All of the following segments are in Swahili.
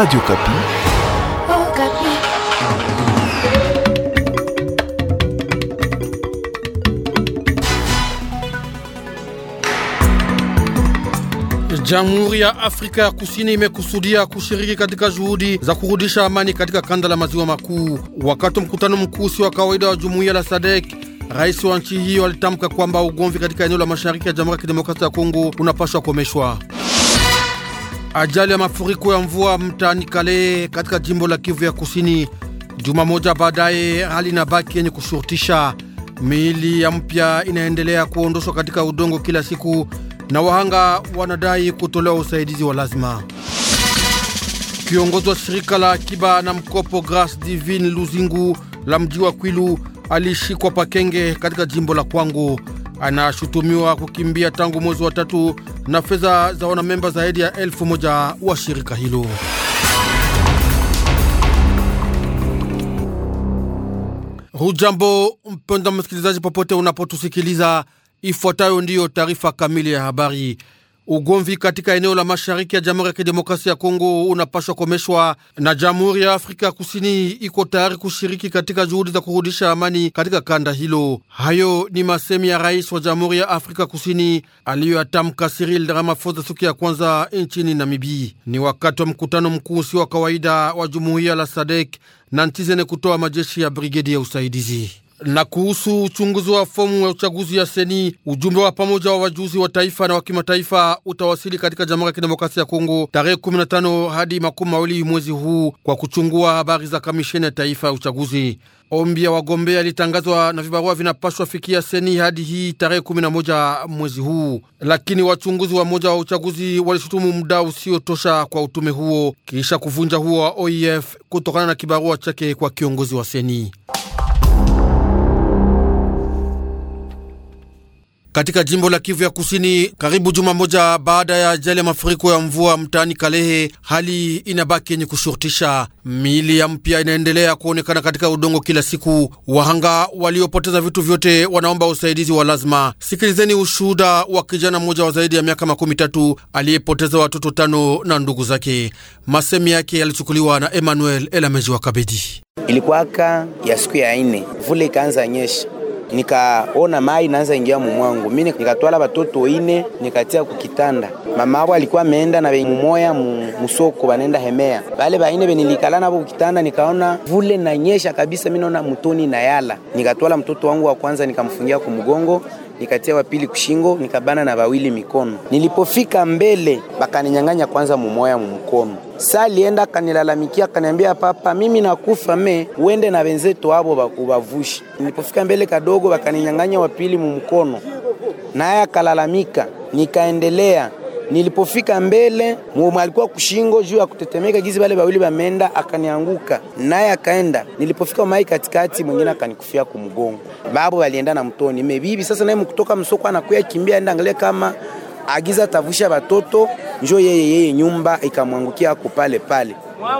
Radio Kapi. Oh, Kapi. Jamhuri ya Afrika ya Kusini imekusudia kushiriki katika juhudi za kurudisha amani katika kanda la maziwa makuu. Wakati mkutano mkuu si wa kawaida wa jumuiya la SADC, rais wa nchi hiyo alitamka kwamba ugomvi katika eneo la mashariki ya Jamhuri ya Kidemokrasia ya Kongo unapaswa kukomeshwa. Ajali ya mafuriko ya mvua mtaani Kale katika jimbo la Kivu ya Kusini. Juma moja baadaye, hali inabaki yenye kushurutisha. Miili ya mpya inaendelea kuondoshwa katika udongo kila siku, na wahanga wanadai kutolewa usaidizi wa lazima. Kiongozi wa shirika la akiba na mkopo Grace Divine Luzingu la mji wa Kwilu alishikwa Pakenge katika jimbo la Kwango anashutumiwa kukimbia tangu mwezi wa tatu na fedha za wanamemba zaidi ya elfu moja wa shirika hilo. Hujambo mpenda msikilizaji, popote unapotusikiliza, ifuatayo ndiyo taarifa kamili ya habari. Ugomvi katika eneo la mashariki ya Jamhuri ya Kidemokrasia ya Kongo unapashwa komeshwa, na Jamhuri ya Afrika ya Kusini iko tayari kushiriki katika juhudi za kurudisha amani katika kanda hilo. Hayo ni masemi ya rais wa Jamhuri ya Afrika Kusini aliyoyatamka Cyril Ramaphosa siku ya kwanza nchini Namibia. Ni wakati wa mkutano mkuu usio wa kawaida wa jumuiya la sadek na Ntizene kutoa majeshi ya brigedi ya usaidizi. Na kuhusu uchunguzi wa fomu ya uchaguzi ya seni, ujumbe wa pamoja wa wajuzi wa taifa na wa kimataifa utawasili katika Jamhuri ya Kidemokrasia ya Kongo tarehe 15 hadi makumi mawili mwezi huu kwa kuchungua habari za kamisheni ya taifa ya uchaguzi. Ombi ya wagombea litangazwa na vibarua vinapashwa fikia seni hadi hii tarehe 11 mwezi huu, lakini wachunguzi wa moja wa uchaguzi walishutumu muda usiotosha kwa utume huo kisha kuvunja huo wa OIF kutokana na kibarua chake kwa kiongozi wa seni. katika jimbo la Kivu ya Kusini, karibu juma moja baada ya ajali ya mafuriko ya mvua mtaani Kalehe, hali inabaki yenye kushurutisha. Miili ya mpya inaendelea kuonekana katika udongo kila siku. Wahanga waliopoteza vitu vyote wanaomba usaidizi wa lazima. Sikilizeni ushuhuda wa kijana mmoja wa zaidi ya miaka makumi tatu aliyepoteza watoto tano na ndugu zake. Masemi yake yalichukuliwa na Emmanuel Elameji wa Kabedi. Ilikuwaka ya siku ya ine, vule ikaanza nyesha nikaona mai naanza ingia mumwangu, mimi nikatwala watoto ine nikatia kukitanda. Mama abo alikuwa ameenda na mumoya musoko banenda hemea, bale baine benilikala nabo kukitanda, nikaona vule na nyesha kabisa, mimi naona mutoni na yala, nikatwala mtoto wangu wa kwanza nikamfungia kumgongo nikatia wapili kushingo, nikabana na wawili mikono. Nilipofika mbele, bakaninyang'anya kwanza mumoya mumukono Sa lienda kanilalamikia, kaniambia papa, mimi nakufa me uende na wenzetu abo bakubavushi. Nilipofika mbele kadogo, bakaninyang'anya wapili mumukono, naye akalalamika, nikaendelea Nilipofika mbele mwomo alikuwa kushingo juu ya kutetemeka, gizi bale bawili bamenda, akanianguka naye akaenda. Nilipofika mai katikati, mwingine akanikufia kumgongo, babu alienda na mtoni mebibi. Sasa naye mkutoka msoko anakuya kimbia, aenda angalia kama agiza tavusha batoto, njo yeye yeye nyumba ikamwangukia ako pale pale.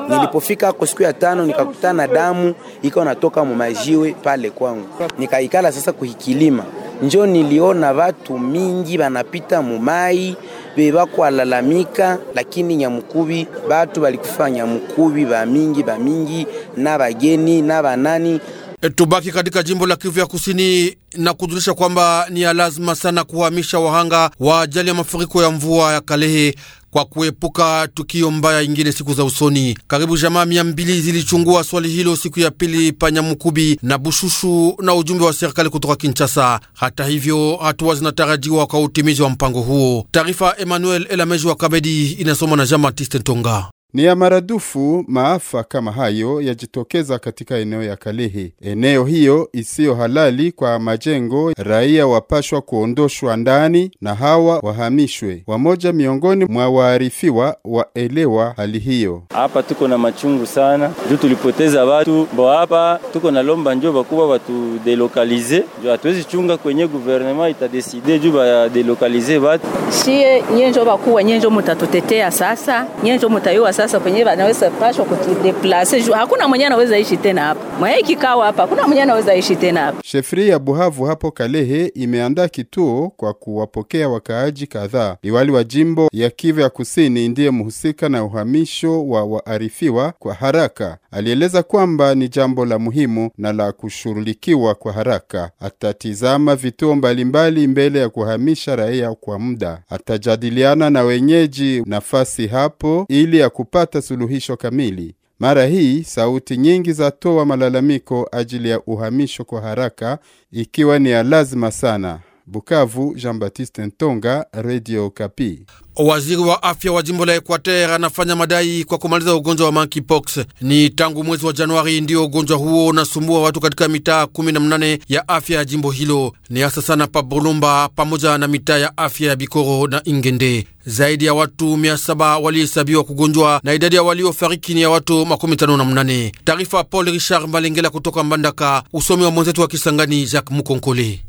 Nilipofika kwa siku ya tano nikakutana na damu iko natoka mumajiwe pale kwangu, nikaikala sasa kuhikilima njo niliona watu mingi banapita mumai bebakwalalamika, lakini Nyamukubi batu balikufa Nyamukubi ba mingi ba mingi na bageni na banani. E, tubaki katika jimbo la Kivu ya Kusini na kujulisha kwamba ni ya lazima sana kuhamisha wahanga wa ajali ya mafuriko ya mvua ya Kalehe kwa kuepuka tukio mbaya ingine siku za usoni. Karibu jamaa mia mbili zilichungua swali hilo siku ya pili Panyamukubi na Bushushu na ujumbe wa serikali kutoka Kinshasa. Hata hivyo, hatua zinatarajiwa kwa utimizi wa mpango huo. Taarifa Emmanuel Elameji wa Kabedi inasoma na Jean Baptiste Ntonga. Ni ya maradufu maafa kama hayo yajitokeza katika eneo ya Kalehe, eneo hiyo isiyo halali kwa majengo. Raia wapashwa kuondoshwa ndani na hawa wahamishwe. Wamoja miongoni mwa waarifiwa waelewa hali hiyo. Hapa tuko na machungu sana juu tulipoteza watu bo. Hapa tuko na lomba njo bakubwa watudelokalize, juu hatuwezi chunga kwenye guvernema itadeside juu badelokalize watu. Sie nyenjo bakubwa nyenjo mutatutetea sasa, nyenjo mutayua sasa penyewe wanaweza pashwa kujideplase juu hakuna mwenye anaweza ishi tena hapa mwenye kikao hapa, hakuna mwenye anaweza ishi tena hapa. Shefri ya Buhavu hapo Kalehe imeandaa kituo kwa kuwapokea wakaaji kadhaa. Liwali wa jimbo ya Kivu ya Kusini ndiye mhusika na uhamisho wa waarifiwa kwa haraka. Alieleza kwamba ni jambo la muhimu na la kushughulikiwa kwa haraka. Atatizama vituo mbalimbali mbele ya kuhamisha raia kwa muda. Atajadiliana na wenyeji nafasi hapo ili ya kupata suluhisho kamili. Mara hii sauti nyingi za toa malalamiko ajili ya uhamisho kwa haraka, ikiwa ni ya lazima sana. Bukavu, Jean-Baptiste Ntonga, Radio Kapi. Waziri wa afya wa jimbo la Equateur anafanya madai kwa kumaliza ugonjwa wa monkeypox. Ni tangu mwezi wa Januari ndio ugonjwa huo unasumbua watu katika mitaa 18 ya afya ya jimbo hilo, ni hasa sana pa Bolomba pamoja na mitaa ya afya ya Bikoro na Ingende. Zaidi ya watu 700 walihesabiwa kugonjwa na idadi ya waliofariki ni ya watu 58. Taarifa Paul Richard Malengela kutoka Mbandaka, usomi wa mwenzetu wa Kisangani Jacques Mukonkole.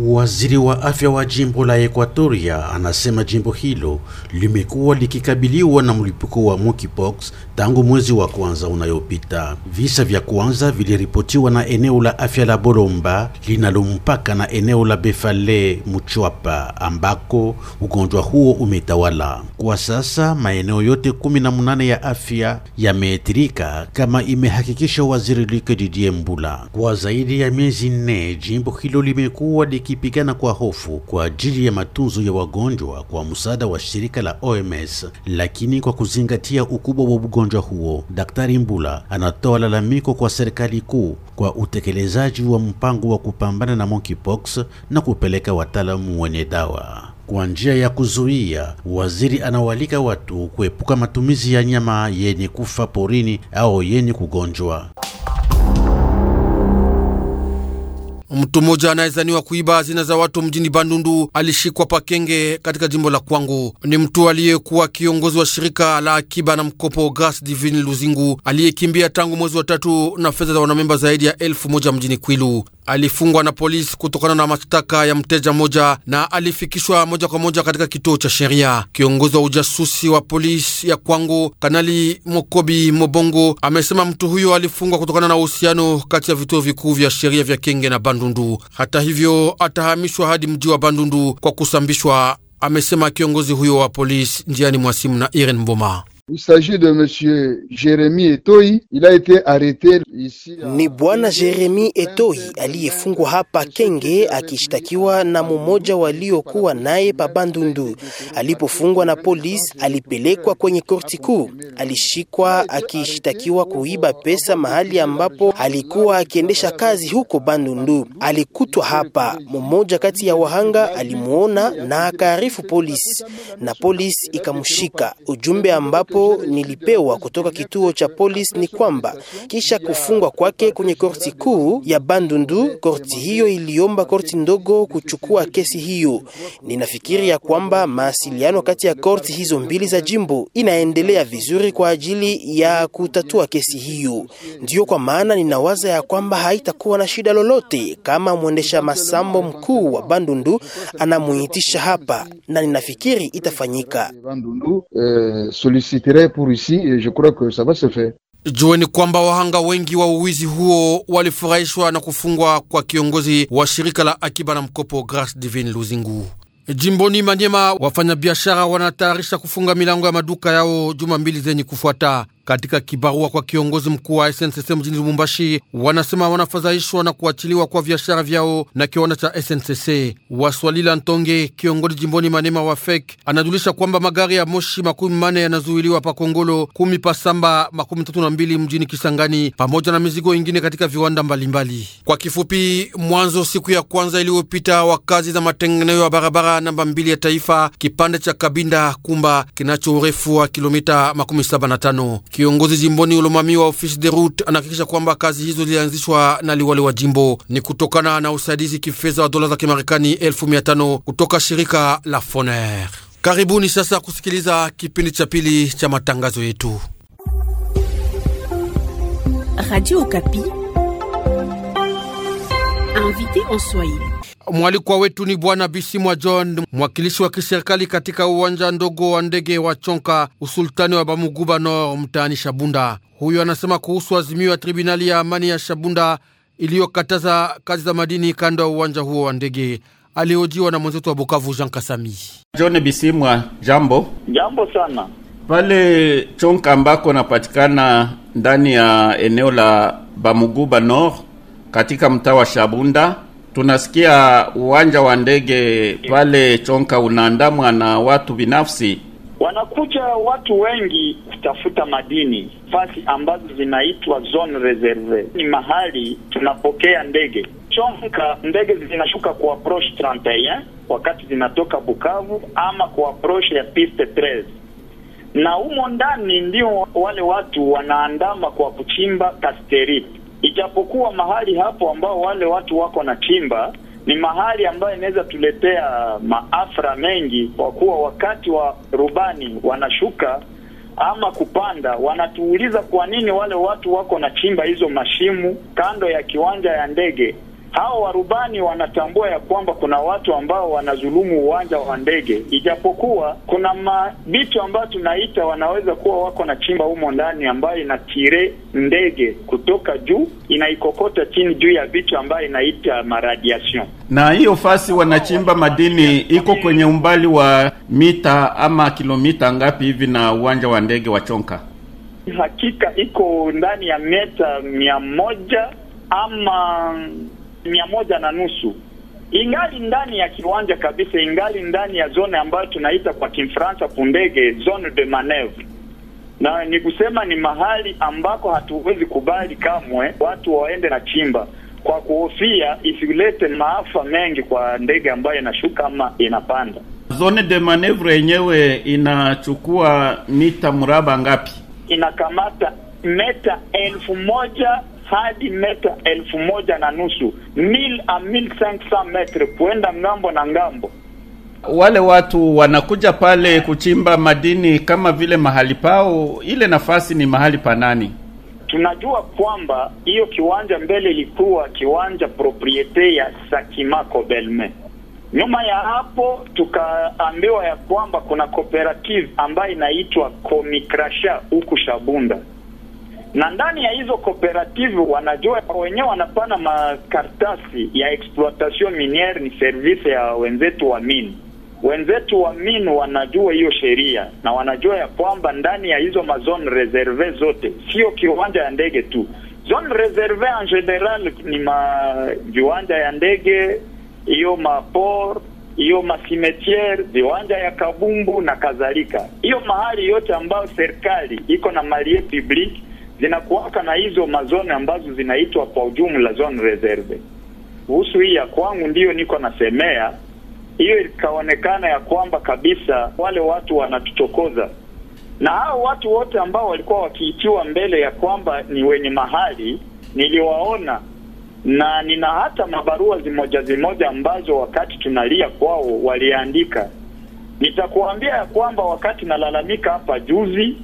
Waziri wa afya wa jimbo la Ekwatoria anasema jimbo hilo limekuwa likikabiliwa na mlipuko wa monkeypox tangu mwezi wa kwanza unayopita. Visa vya kwanza viliripotiwa na eneo la afya la Bolomba linalompaka na eneo la Befale Muchwapa, ambako ugonjwa huo umetawala kwa sasa. Maeneo yote 18 ya afya yameathirika, kama imehakikisha waziri Luc Didier Mbula. Kwa zaidi ya miezi nne jimbo hilo limekuwa ikipigana kwa hofu kwa ajili ya matunzo ya wagonjwa kwa msaada wa shirika la OMS, lakini kwa kuzingatia ukubwa wa ugonjwa huo, Daktari Mbula anatoa lalamiko kwa serikali kuu kwa utekelezaji wa mpango wa kupambana na monkeypox na kupeleka wataalamu wenye dawa kwa njia ya kuzuia. Waziri anawalika watu kuepuka matumizi ya nyama yenye kufa porini au yenye kugonjwa. Mtu mmoja anayezaniwa kuiba hazina za watu mjini Bandundu alishikwa Pakenge katika jimbo la Kwangu. Ni mtu aliyekuwa kiongozi wa shirika la akiba na mkopo Gas Divin Luzingu aliyekimbia tangu mwezi wa tatu na fedha za wanamemba zaidi ya elfu moja mjini Kwilu alifungwa na polisi kutokana na mashtaka ya mteja mmoja na alifikishwa moja kwa moja katika kituo cha sheria. Kiongozi wa ujasusi wa polisi ya Kwangu, Kanali Mokobi Mobongo, amesema mtu huyo alifungwa kutokana na uhusiano kati ya vituo vikuu vya sheria vya Kenge na Bandundu. Hata hivyo, atahamishwa hadi mji wa Bandundu kwa kusambishwa, amesema kiongozi huyo wa polisi njiani mwa simu na Irene Mboma. Il s'agit de monsieur Jérémy Etoi, il a été arrêté ici. Ni bwana Jérémy Etoi aliyefungwa hapa Kenge akishtakiwa na mmoja waliokuwa naye Pabandundu. Alipofungwa na polisi, alipelekwa kwenye korti kuu. Alishikwa akishtakiwa kuiba pesa mahali ambapo alikuwa akiendesha kazi huko Bandundu. Alikutwa hapa, mmoja kati ya wahanga alimuona na akaarifu polisi na polisi ikamshika. Ujumbe ambapo ambapo nilipewa kutoka kituo cha polisi ni kwamba kisha kufungwa kwake kwenye korti kuu ya Bandundu, korti hiyo iliomba korti ndogo kuchukua kesi hiyo. Ninafikiri ya kwamba mawasiliano kati ya korti hizo mbili za jimbo inaendelea vizuri kwa ajili ya kutatua kesi hiyo. Ndiyo kwa maana ninawaza ya kwamba haitakuwa na shida lolote kama mwendesha masambo mkuu wa Bandundu anamuitisha hapa, na ninafikiri itafanyika. Eh, l'intérêt pour ici et je crois que ça va se faire. Jueni kwamba wahanga wengi wa uwizi huo walifurahishwa na kufungwa kwa kiongozi wa shirika la akiba na mkopo Grace Divine Luzingu. Jimboni Manyema, wafanyabiashara wanatayarisha kufunga milango ya maduka yao juma mbili zenye kufuata. Katika kibarua kwa kiongozi mkuu wa SNCC mjini Lubumbashi, wanasema wanafadhaishwa na kuachiliwa kwa biashara vyao na kiwanda cha SNCC. Waswalila Ntonge, kiongozi jimboni Manema wa FEK, anajulisha kwamba magari ya moshi makumi mane yanazuiliwa pa Kongolo, kumi pa Samba, makumi tatu na mbili mjini Kisangani, pamoja na mizigo ingine katika viwanda mbalimbali mbali. Kwa kifupi, mwanzo siku ya kwanza iliyopita wa kazi za matengenezo ya barabara namba mbili ya taifa kipande cha Kabinda Kumba kinacho urefu wa kilomita makumi saba na tano. Kiongozi jimboni Ulomami wa ofisi de route anahakikisha kwamba kazi hizo zilianzishwa na liwali wa jimbo ni kutokana na usaidizi kifedha wa dola za Kimarekani 5 kutoka shirika la Foner. Karibuni sasa kusikiliza kipindi cha pili cha matangazo yetu Radio Okapi, invité en Swahili. Mwalikwa wetu ni Bwana Bisimwa John, mwakilishi wa kiserikali katika uwanja ndogo wa ndege wa Chonka, usultani wa Bamuguba Nord, mtaani Shabunda. Huyo anasema kuhusu azimio ya tribunali ya amani ya Shabunda iliyokataza kazi za madini kando ya uwanja huo wa ndege. Alihojiwa na mwenzetu wa Bukavu, Jean Kasami. John Bisimwa, jambo. Jambo sana. Pale Chonka ambako napatikana ndani ya eneo la Bamuguba Nord katika mtaa wa Shabunda Tunasikia uwanja wa ndege pale Chonka unaandamwa na watu binafsi, wanakuja watu wengi kutafuta madini. Fasi ambazo zinaitwa zone reserve ni mahali tunapokea ndege. Chonka ndege zinashuka kwa approach 31 wakati zinatoka Bukavu ama kwa approach ya piste 13 na humo ndani ndio wale watu wanaandama kwa kuchimba kasterite ijapokuwa mahali hapo ambao wale watu wako na chimba ni mahali ambayo inaweza tuletea maafra mengi, kwa kuwa wakati wa rubani wanashuka ama kupanda, wanatuuliza kwa nini wale watu wako na chimba hizo mashimu kando ya kiwanja ya ndege hao warubani wanatambua ya kwamba kuna watu ambao wanazulumu uwanja wa ndege, ijapokuwa kuna mabitu ambayo tunaita wanaweza kuwa wako na chimba humo ndani, ambayo inatire ndege kutoka juu inaikokota chini juu ya vitu ambayo inaita maradiation. Na hiyo fasi wanachimba madini iko kwenye umbali wa mita ama kilomita ngapi hivi na uwanja wa ndege wa Chonka? Hakika iko ndani ya meta mia moja ama mia moja na nusu ingali ndani ya kiwanja kabisa, ingali ndani ya zone ambayo tunaita kwa Kifaransa pundege zone de manevre, na ni kusema ni mahali ambako hatuwezi kubali kamwe watu waende na chimba kwa kuhofia isilete maafa mengi kwa ndege ambayo inashuka ama inapanda. Zone de manevre yenyewe inachukua mita mraba ngapi? Inakamata meta elfu moja hadi meta elfu moja na nusu mil a mil metre kuenda ngambo na ngambo. Wale watu wanakuja pale kuchimba madini kama vile mahali pao, ile nafasi ni mahali pa nani? Tunajua kwamba hiyo kiwanja mbele ilikuwa kiwanja propriete ya Sakimako Belme. Nyuma ya hapo tukaambiwa ya kwamba kuna cooperative ambayo inaitwa Komikrasha huku Shabunda na ndani ya hizo cooperative wanajua wenyewe wanapana makartasi ya exploitation miniere, ni service ya wenzetu wa min Wenzetu wa min wanajua hiyo sheria na wanajua ya kwamba ndani ya hizo mazone reserve zote, sio kiwanja ya ndege tu. Zone reserve en general ni ma viwanja ya ndege, hiyo maport hiyo masimetiere viwanja ya kabumbu na kadhalika. Hiyo mahali yote ambayo serikali iko na mali public zinakuwaka na hizo mazone ambazo zinaitwa kwa ujumla zone reserve. Kuhusu hii ya kwangu ndiyo niko nasemea, hiyo ikaonekana ya kwamba kabisa wale watu wanatuchokoza, na hao watu wote ambao walikuwa wakiitiwa mbele ya kwamba ni wenye mahali niliwaona na nina hata mabarua zimoja zimoja ambazo wakati tunalia kwao waliandika. Nitakuambia ya kwamba wakati nalalamika hapa juzi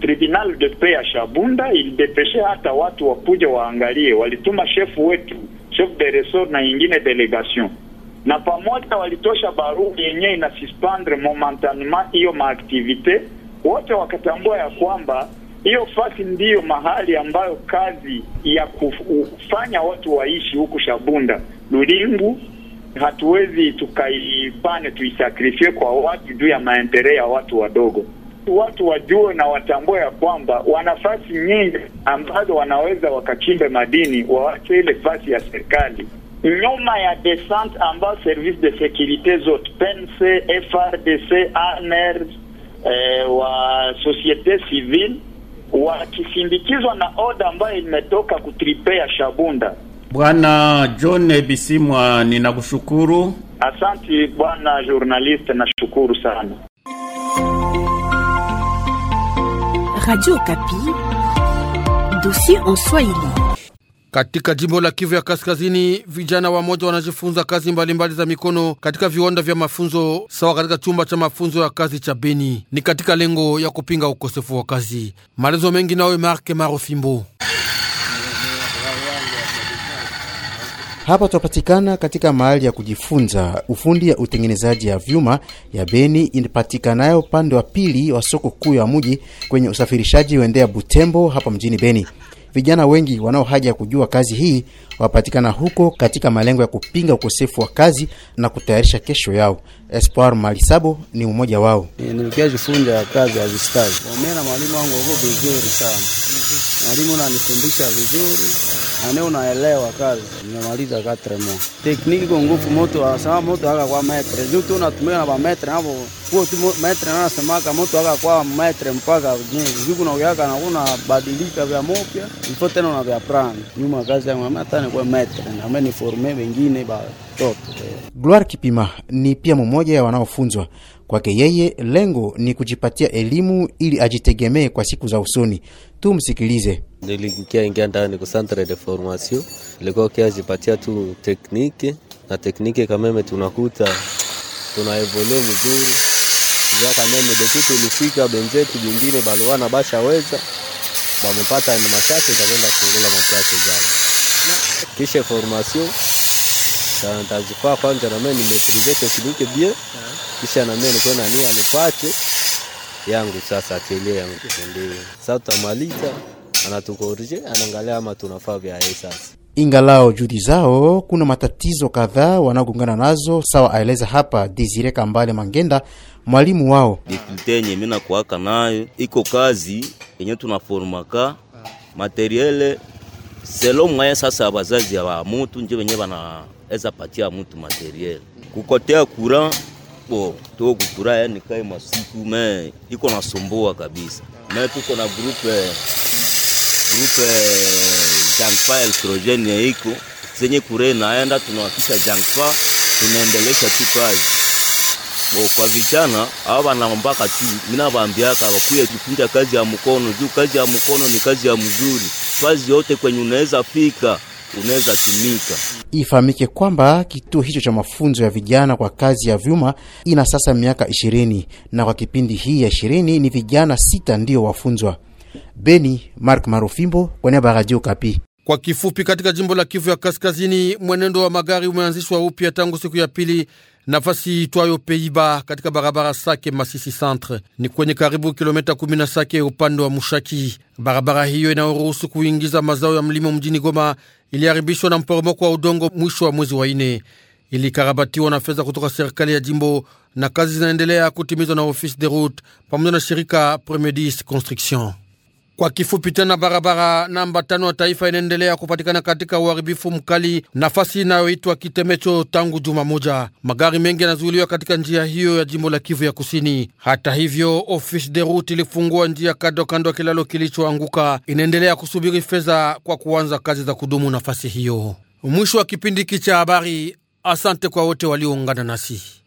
tribunal de paix ya Shabunda ilidepeshe hata watu wakuja waangalie, walituma shefu wetu chef de resort na ingine delegation na pamoja walitosha barua yenyewe ina suspendre momentanement hiyo maaktivite. Wote wakatambua ya kwamba hiyo fasi ndiyo mahali ambayo kazi ya kufanya watu waishi huku Shabunda lulingu hatuwezi tukaipane tuisakrifie kwa watu juu ya maendeleo ya watu wadogo watu wajue na watambue ya kwamba wanafasi nyingi ambazo wanaweza wakachimbe madini, waache ile fasi ya serikali nyuma ya descente ambayo service de securite zote pense FRDC ANR eh, wa societe civile wakisindikizwa na oda ambayo imetoka kutripea Shabunda. Bwana John Bisimwa, ninakushukuru. Asante bwana journaliste, nashukuru sana. Radio Okapi, dossier en Swahili. Katika jimbo la Kivu ya Kaskazini, vijana wa moja wanajifunza kazi mbalimbali mbali za mikono katika viwanda vya mafunzo sawa katika chumba cha mafunzo ya kazi cha Beni. Ni katika lengo ya kupinga ukosefu wa kazi. Maelezo mengi nawe Marke Marofimbo. Hapa tunapatikana katika mahali ya kujifunza ufundi ya utengenezaji ya vyuma ya Beni inapatikanayo upande wa pili wa soko kuu ya mji kwenye usafirishaji waendea Butembo hapa mjini Beni. Vijana wengi wanao haja ya kujua kazi hii wapatikana huko katika malengo ya kupinga ukosefu wa kazi na kutayarisha kesho yao. Espoir Malisabo ni mmoja wao. Eh, Nilikia jifunza kazi ya vistazi. Mwalimu wangu wako vizuri sana. Mwalimu ananifundisha vizuri ane yaani unaelewa kazi nimemaliza katremo tekniki kwa nguvu moto asema moto aka kwa metre juu tu unatumika na ba metre hapo huo tu metre na anasemaka moto aka kwa metre mpaka juu kuna uyaka na kuna badilika vya mopya ifo tena na vya prana nyuma kazi yangu ama tani kwa metre na mimi forme wengine ba toto Gloire Kipima ni pia mmoja ya wanaofunzwa Kwake yeye lengo ni kujipatia elimu ili ajitegemee kwa siku za usoni. Tumsikilize. Nilikia ingia ndani ku centre de formation, ilikuwa ukiajipatia tu teknike na tekniki kameme, tunakuta evolue mzuri za kameme detu tulifika benzetu bingine baliwana bashaweza bamepata za kwenda kungula maplace zao kisha formation kwanza bie kisha niko nani anipate yangu sasa yangu ndio sasa tutamaliza anaangalia ama tunafaa vya yeye sasa ingalao judi zao kuna matatizo kadhaa wanaogongana nazo sawa aeleza hapa Desire Kambale Mangenda mwalimu wao difilte yenye mimi nakuaka nayo iko kazi yenye tunaformaka ah. materiele selo mwaye sasa abazazi ya mutu nje wenye eza patia mutu materiel kukotea kuran bo to kukura yani eh, kai masiku me iko nasomboa kabisa me tuko na grupe eh, grupe eh, jangfa electrogene yeiko zenye kure naenda tunawakisha jangfa tunaendelesha tu kazi bo kwa vijana awa wanaombaka tu mina vaambiaka wakuye jikunja kazi ya mkono juu kazi ya mkono ni kazi ya mzuri kazi yote kwenye unaweza fika unaweza tumika. Ifahamike kwamba kituo hicho cha mafunzo ya vijana kwa kazi ya vyuma ina sasa miaka ishirini na kwa kipindi hii ya ishirini ni vijana sita ndiyo wafunzwa. Beni Mark Marufimbo kwa niaba ya Radio Kapi. Kwa kifupi, katika jimbo la Kivu ya Kaskazini, mwenendo wa magari umeanzishwa upya tangu siku ya pili nafasi itwayo Peiba katika barabara Sake Masisi Centre ni kwenye karibu kilomita 10 na Sake upande wa Mushaki. Barabara hiyo inayoruhusu kuingiza mazao ya mlimo mjini Goma iliharibishwa na mporomoko wa udongo mwisho wa mwezi wa ine. Ilikarabatiwa na fedha kutoka serikali ya jimbo na kazi zinaendelea kutimizwa na office de route pamoja na shirika Premedis Construction. Kwa kifupi tena, barabara namba tano ya taifa inaendelea kupatikana katika uharibifu mkali, nafasi inayoitwa Kitemecho tangu juma moja. Magari mengi yanazuiliwa katika njia hiyo ya jimbo la Kivu ya Kusini. Hata hivyo, ofisi de route ilifungua njia kando kando ya kilalo kilichoanguka, inaendelea kusubiri fedha kwa kuanza kazi za kudumu nafasi hiyo. Mwisho wa kipindi hiki cha habari. Asante kwa wote walioungana nasi.